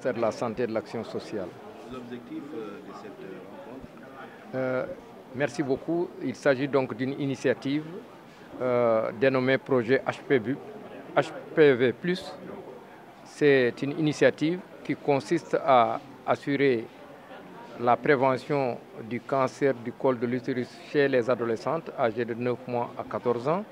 ministère de la Santé et de l'Action euh, euh, euh, Merci beaucoup. Il s'agit donc d'une initiative dénommée projet HPV+. HPV+. C'est une initiative qui consiste à assurer la prévention du cancer du col de l'utérus chez les adolescentes âgées de 9 mois à 14 ans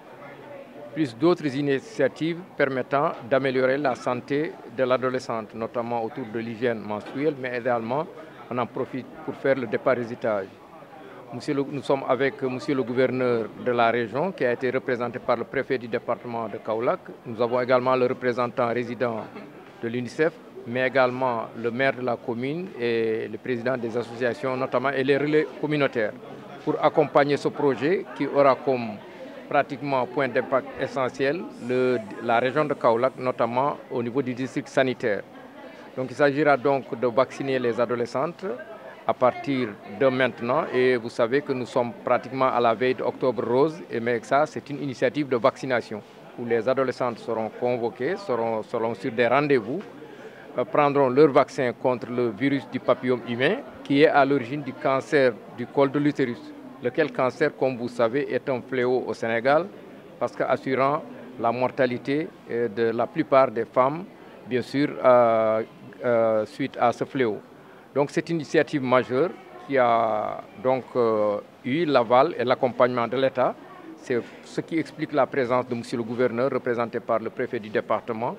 plus d'autres initiatives permettant d'améliorer la santé de l'adolescente, notamment autour de l'hygiène menstruelle, mais également on en profite pour faire le déparasitage. nous sommes avec euh, Monsieur le gouverneur de la région qui a été représenté par le préfet du département de Kaolac. Nous avons le représentant résident de l'UNICEF, mais également le maire de la commune et le président des associations notamment et les relais communautaires pour accompagner ce projet qui aura comme pratiquement point d'impact essentiel, le, la région de Kaolack, notamment au niveau du district sanitaire. Donc il s'agira donc de vacciner les adolescentes à partir de maintenant. Et vous savez que nous sommes pratiquement à la veille d'Octobre Rose. Et MEXA, c'est une initiative de vaccination où les adolescentes seront convoquées, seront, seront sur des rendez-vous, euh, prendront leur vaccin contre le virus du papillome humain qui est à l'origine du cancer du col de l'utérus. le lequel cancer, comme vous savez, est un fléau au Sénégal parce qu'assurant la mortalité euh, de la plupart des femmes, bien sûr, euh, euh, suite à ce fléau. Donc cette initiative majeure qui a donc euh, eu l'aval et l'accompagnement de l'État, c'est ce qui explique la présence de M. le gouverneur, représenté par le préfet du département,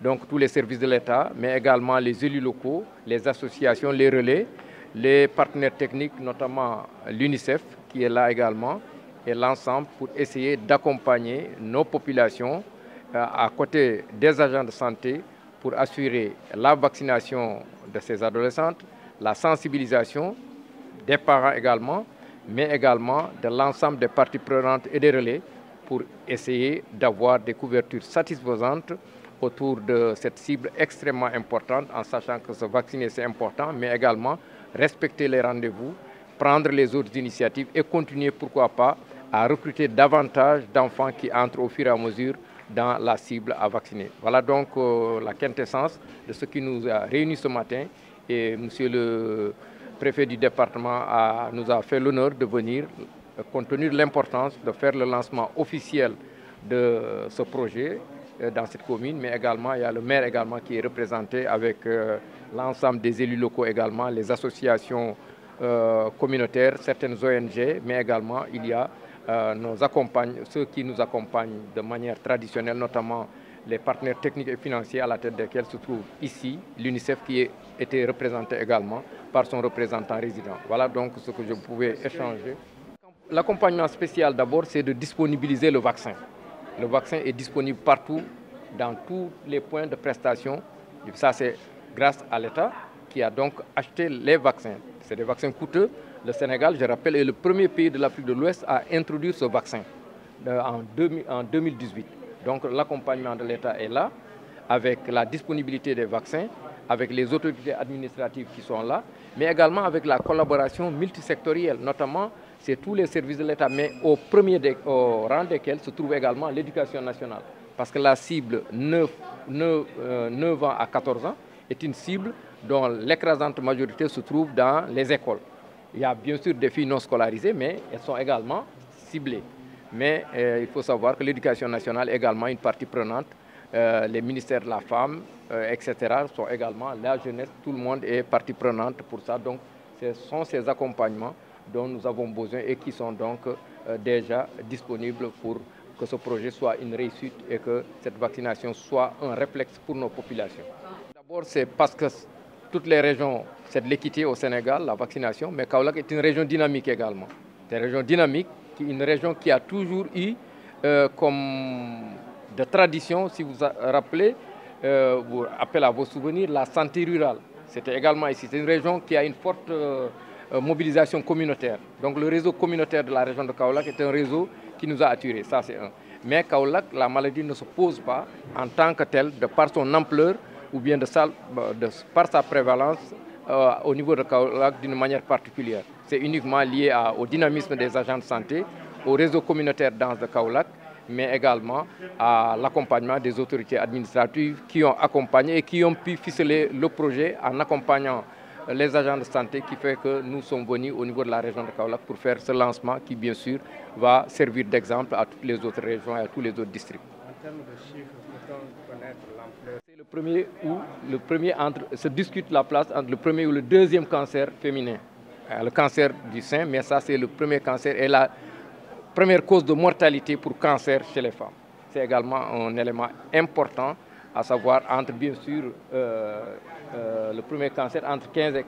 donc tous les services de l'État, mais également les élus locaux, les associations, les relais, les partenaires techniques, notamment l'UNICEF, qui est là également, et l'ensemble pour essayer d'accompagner nos populations euh, à côté des agents de santé pour assurer la vaccination de ces adolescentes, la sensibilisation des parents également, mais également de l'ensemble des parties prenantes et des relais pour essayer d'avoir des couvertures satisfaisantes autour de cette cible extrêmement importante, en sachant que se vacciner, c'est important, mais également respecter les rendez-vous, prendre les autres initiatives et continuer, pourquoi pas, à recruter davantage d'enfants qui entrent au fur et à mesure dans la cible à vacciner. Voilà donc euh, la quintessence de ce qui nous a réunis ce matin et Monsieur le préfet du département a, nous a fait l'honneur de venir, euh, compte tenu de l'importance de faire le lancement officiel de ce projet Euh, dans cette commune, mais également il y a le maire également qui est représenté avec euh, l'ensemble des élus locaux également, les associations euh, communautaires, certaines ONG, mais également il y a nos accompagnent, ceux qui nous accompagne de manière traditionnelle, notamment les partenaires techniques et financiers à la tête desquels se trouve ici l'UNICEF qui était représenté également par son représentant résident. Voilà donc ce que je pouvais échanger. L'accompagnement spécial d'abord, c'est de disponibiliser le vaccin. Le vaccin est disponible partout, dans tous les points de prestation. Ça, c'est grâce à l'État qui a donc acheté les vaccins. C'est des vaccins coûteux. Le Sénégal, je rappelle, est le premier pays de l'Afrique de l'Ouest à introduire ce vaccin euh, en 2018. Donc l'accompagnement de l'État est là, avec la disponibilité des vaccins, avec les autorités administratives qui sont là, mais également avec la collaboration multisectorielle, notamment c'est tous les services de l'État, mais au, premier de, au rang desquels se trouve l'éducation nationale. Parce que la cible 9, 9, euh, ans à 14 ans est une cible dont l'écrasante majorité se trouve dans les écoles. Il y a bien sûr des filles non scolarisées, mais elles également ciblées. Mais euh, il faut savoir que l'éducation nationale est également une partie prenante. Euh, les ministères de la femme, euh, etc., sont également la jeunesse, tout le monde est partie prenante pour ça. Donc, ce sont ces accompagnements dont nous avons besoin donc euh, déjà disponibles pour que ce projet soit une réussite et que cette vaccination soit un réflexe pour nos populations. D'abord, c'est parce que toutes les régions, c'est de l'équité au Sénégal, la vaccination, mais Kaolack est une région dynamique également. C'est une région région qui a toujours eu euh, comme de tradition, si vous euh, vous rappelez, vous appelez à vos souvenirs, la santé rurale. C'était C'est une région qui a une forte... Euh, Euh, mobilisation communautaire. Donc le réseau communautaire de la région de Kaolack est un réseau qui nous a attirés, ça un. Mais Kaolack, la maladie ne se pose pas en tant que tel de par son ampleur ou bien de, sa, euh, de par sa prévalence euh, au niveau de Kaolack d'une manière particulière. C'est uniquement lié à, au dynamisme des agents de santé, au réseau communautaire dans de Kaolack, mais également à l'accompagnement des autorités administratives qui ont accompagné et qui ont pu ficeler le projet en accompagnant les agents de santé qui fait que nous sommes venus au niveau de la région de Kaolack pour faire ce lancement qui bien sûr va servir d'exemple à toutes les autres régions et à tous les autres districts. En termes de chiffres, peut le premier le premier entre se discute la place entre le premier ou le deuxième cancer féminin. Euh, le cancer du sein, mais ça c'est le premier cancer et la première cause de mortalité pour cancer chez les femmes. C'est également un élément important à savoir entre bien sûr euh, euh, le premier cancer entre 15 et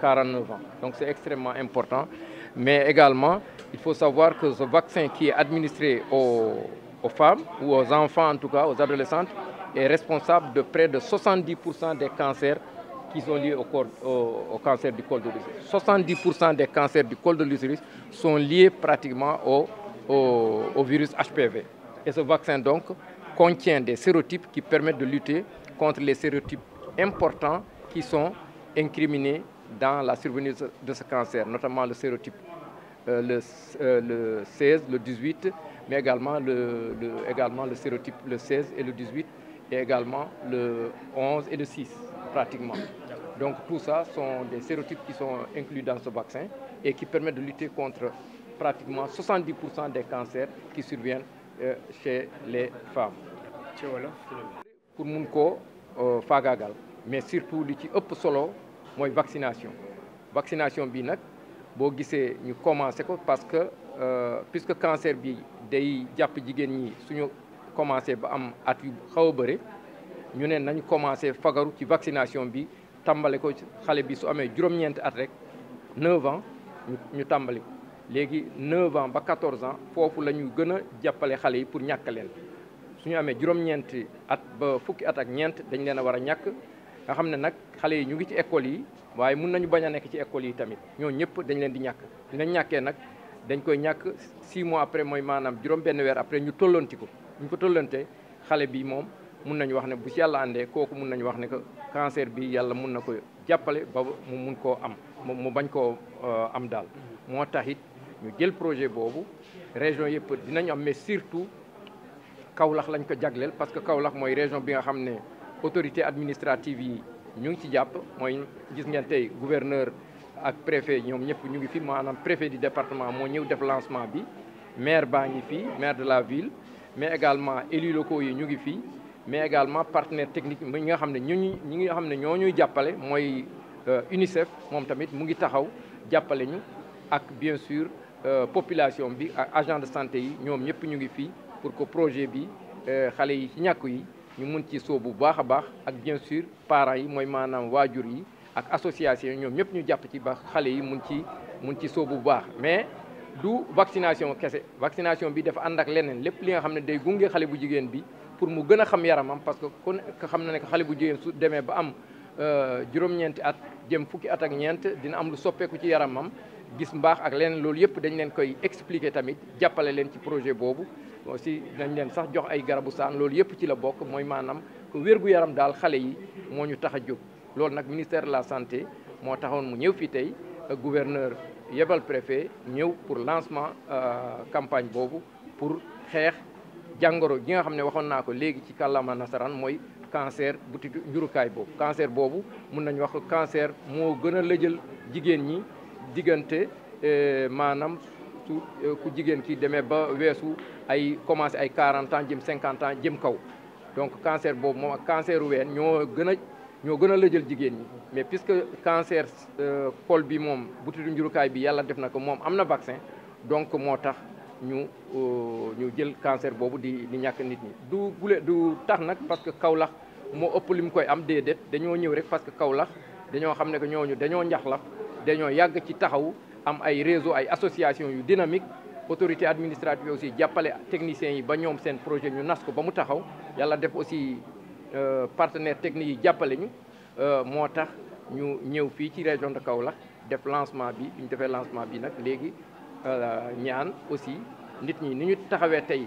49 ans. Donc important. Mais également, il que ce vaccin qui est administré aux, aux femmes ou cas, aux adolescentes, est responsable de près de 70% des cancers qui sont liés au, corps, au, au cancer du col de l'utérus. 70% des cancers du col de l'utérus sont liés pratiquement au, au virus donc contient des sérotypes qui permettent de lutter contre les sérotypes importants qui sont incriminés dans la survenue de ce cancer, notamment le sérotype le, euh, le, 16, euh, le 18, mais également le, également le sérotype le 16 le 18, et également le 11 et le pratiquement. Donc tout ça sont des sérotypes qui sont inclus dans ce vaccin et qui permettent de lutter contre pratiquement 70% des cancers Euh, chez les femmes ci wala pour mun koo euh, faagaagal mais surtout lu ci ëpp solo mooy vaccination vaccination bi nag boo gisee ñu commencé ko parce que euh, puisque cancer bi day jàpp jigéen ñi suñu commencé ba am at yu xaw a bëri ñu ne nañ commencé fagaru ci vaccination bi tàmbale ko xale bi su amee juróom-ñeenti at rek 9 ans ñu tàmbali léegi 9 ans ba 14 ans foofu la ñu gën a jàppale xale yi pour ñàkk leen su ñu amee juróom-ñeenti at ba fukki at ak ñeent dañ leen a war a ñàkk nga xam ne nag xale yi ñu ngi ci école yi waaye mun nañu bañ a nekk ci école yi tamit ñoo ñëpp dañ leen di ñàkk di ñàkkee nag dañ koy ñàkk 6 mois après mooy maanaam juróom-benn weer après ñu tollanti ko ñu ko tollante xale bi moom mun nañu wax ne bu ci yàlla àndee kooku mun nañu wax ne que cancer bi yàlla mun na ko jàppale ba mu mun koo am mu bañ koo euh, am daal ñu jël projet boobu région yëpp dinañ am mais surtout Kaolack lañ ko jagleel parce que Kaolack mooy région bi nga xam ne autorité administrative yi ñu ngi ci jàpp mooy gis ngeen tey ak préfet ñoom ñëpp ñu ngi fi maanaam préfet du département moo ñëw def bi maire baa ngi fii maire de la ville mais également élus locaux yi ñu ngi fii mais également partenaire technique ñi nga xam ne ñu ñi nga xam ne ñoo ñuy jàppale mooy euh, UNICEF moom tamit mu ngi taxaw jàppale ñu ak bien sûr Euh, population bi ak agent de santé yi ñoom ñëpp ñu ngi fii pour que projet bi euh, xale yi ci ñàkku yi ñu mun ci sóobu bu baax a baax ak bien sûr parents yi mooy maanaam waajur yi ak association yi ñoom ñëpp ñu jàpp ci ba xale yi mun ci mun ci sóobu bu baax mais du vaccination kese vaccination bi dafa and ak leneen lépp li nga xam ne day gunge xale bu jigéen bi pour mu gën a xam yaramam parce que ku xam na ne xale bu jigéen demee ba am Euh, juróom-ñeenti at jëm fukki at ak ñeent dina am lu soppeeku ci yaramam gis mbaax ak leneen loolu yëpp dañ leen koy expliquer tamit jàppale leen ci projet boobu aussi dañ leen sax jox ay garabu saan loolu yëpp ci la bokk mooy maanaam ko wérgu yaram daal xale yi moo ñu tax a jóg loolu nag ministère de la santé moo taxoon mu ñëw fii tey euh, gouverneur yebal préfet ñëw pour lancement euh, campagne boobu pour xeex jàngoro gi nga xam ne waxoon naa ko léegi ci kàllaama nasaraan mooy cancer butitu njurukaay boobu cancer boobu mun nañu wax cancer moo gën a lëjal jigéen ñi diggante euh, maanaam euh, ku jigéen ki demee ba weesu ay commencé ay 40 ans jëm 50 ans jëm kaw donc cancer boobu moom ak cancer ween ñoo gën a ñoo gën a lëjal jigéen ñi mais puisque cancer euh, col bi moom butitu njurukaay bi yàlla def na ko moom am na vaccin donc moo tax ñu ñu jël cancer boobu di di nit ñi du tax nag parce que Kaolack moo ëpp lim koy am déedéet dañoo ñëw rek parce que Kaolack dañoo xam ne que ñooñu dañoo njax njaxlaf dañoo yàgg ci taxaw am ay réseau ay association yu dynamique autorité administrative aussi jàppale techniciens yi ba ñoom seen projet ñu nas ko ba mu taxaw yàlla def aussi euh, partenaire technique yi jàppale ñu euh, moo tax ñu ñëw fii ci région de Kaolack def lancement bi ñu defee lancement bi nag léegi euh, ñaan aussi nit ñi ni ñu taxawee tey